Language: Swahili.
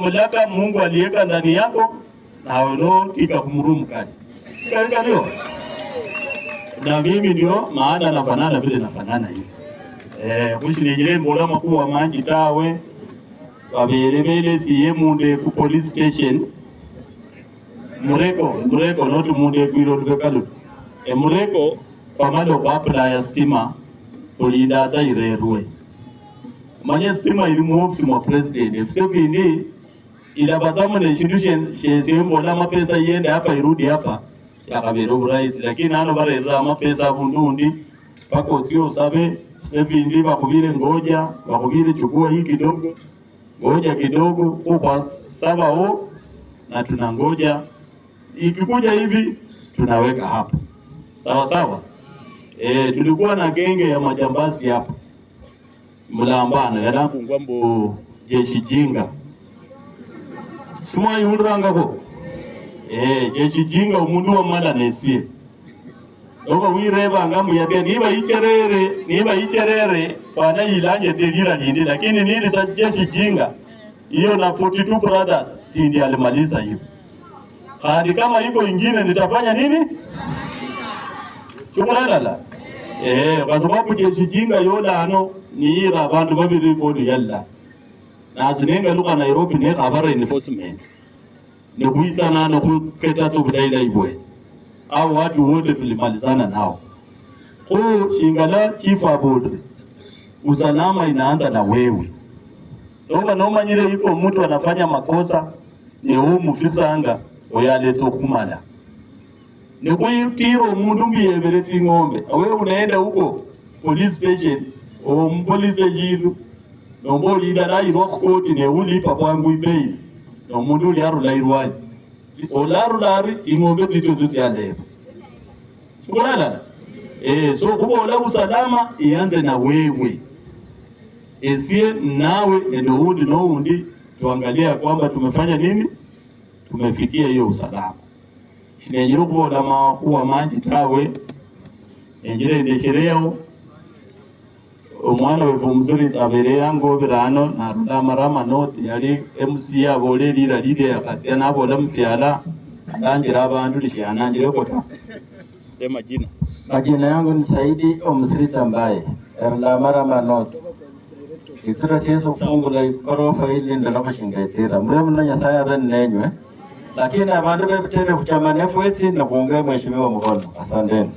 mamlaka Mungu aliweka ndani yako na roho ikakumrumu kali katika ndio Na mimi ndio maana nafanana vile nafanana hivi eh, kushinyenyele mbola makuu wa manji tawe baberebele siye munde ku police station mureko mureko not munde kwiro tukakalu e eh, mureko kwa pamalo kwa ya stima kulinda hata irerwe manye stima ili mwa president FCPD ilapatamu neshindu shesihembola mapesa yende hapa irudi hapa yakavera burahisi lakini hano barerera amapesa abundu undi paka otwie usabe sevindi bakubire ngoja bakubire chukua hii kidogo ngoja kidogo kwa saba o na tuna ngoja ikikuja hivi tunaweka hapa sawa sawa. E, tulikuwa na genge ya majambazi hapa Mlambana mbo jeshi jinga simayihulirangako eh ecijinga umundu wamala nesie loko wirevanga muyate niba icherere niba icherere fana yilanjete lira lindi lakini nili ta jeshijinga hiyo na 42 brothers tindi alimaliza hiyo hadi kama iko ingine nitafanya nini chukulalala eh kwa sababu ano ni niira vandu babili bodi yalla na nazinengeluka e Nairobi ne khabara e enforcement nikuitana nikuketatu budaila ibwe au watu wote tulimalizana nao ko shingala chief abodre usalama inaanza e na wewe noma nyire iko mtu anafanya makosa ni newe mufisanga oyaleta okumala nikuitira omundu mbiyebere ting'ombe awe unaenda huko police station o police station nombolila lailwa khukoti newulipa bwangu ibeili nomundu uliarula irwanyi olarula ari ing'ombe tsitsotso tsyaleba sikulalala e, eh, so khubola busalama iyanze na wewe esie nawe nende undi noundi tuangalia kwamba tumefanya nini tumefikia hiyo usalama shilenjire khubola makuwa manji tawe enjire ende omwana wevumzuri avereranga ovirano naruda amarama noti yali mc yavo ole lira lile yakatsia navola mufyala abantu avandu lishiananjireko ta sema jina majina yangu ni saidi omsirita mbaye erula amarama noti itsira cheso kufungula ikorofa ili ndala kushinga itsira mremu na nyasaye ave nnenywe lakini avandu veviteve kuchama nefwesi nakuunge mheshimiwa mkono asanteni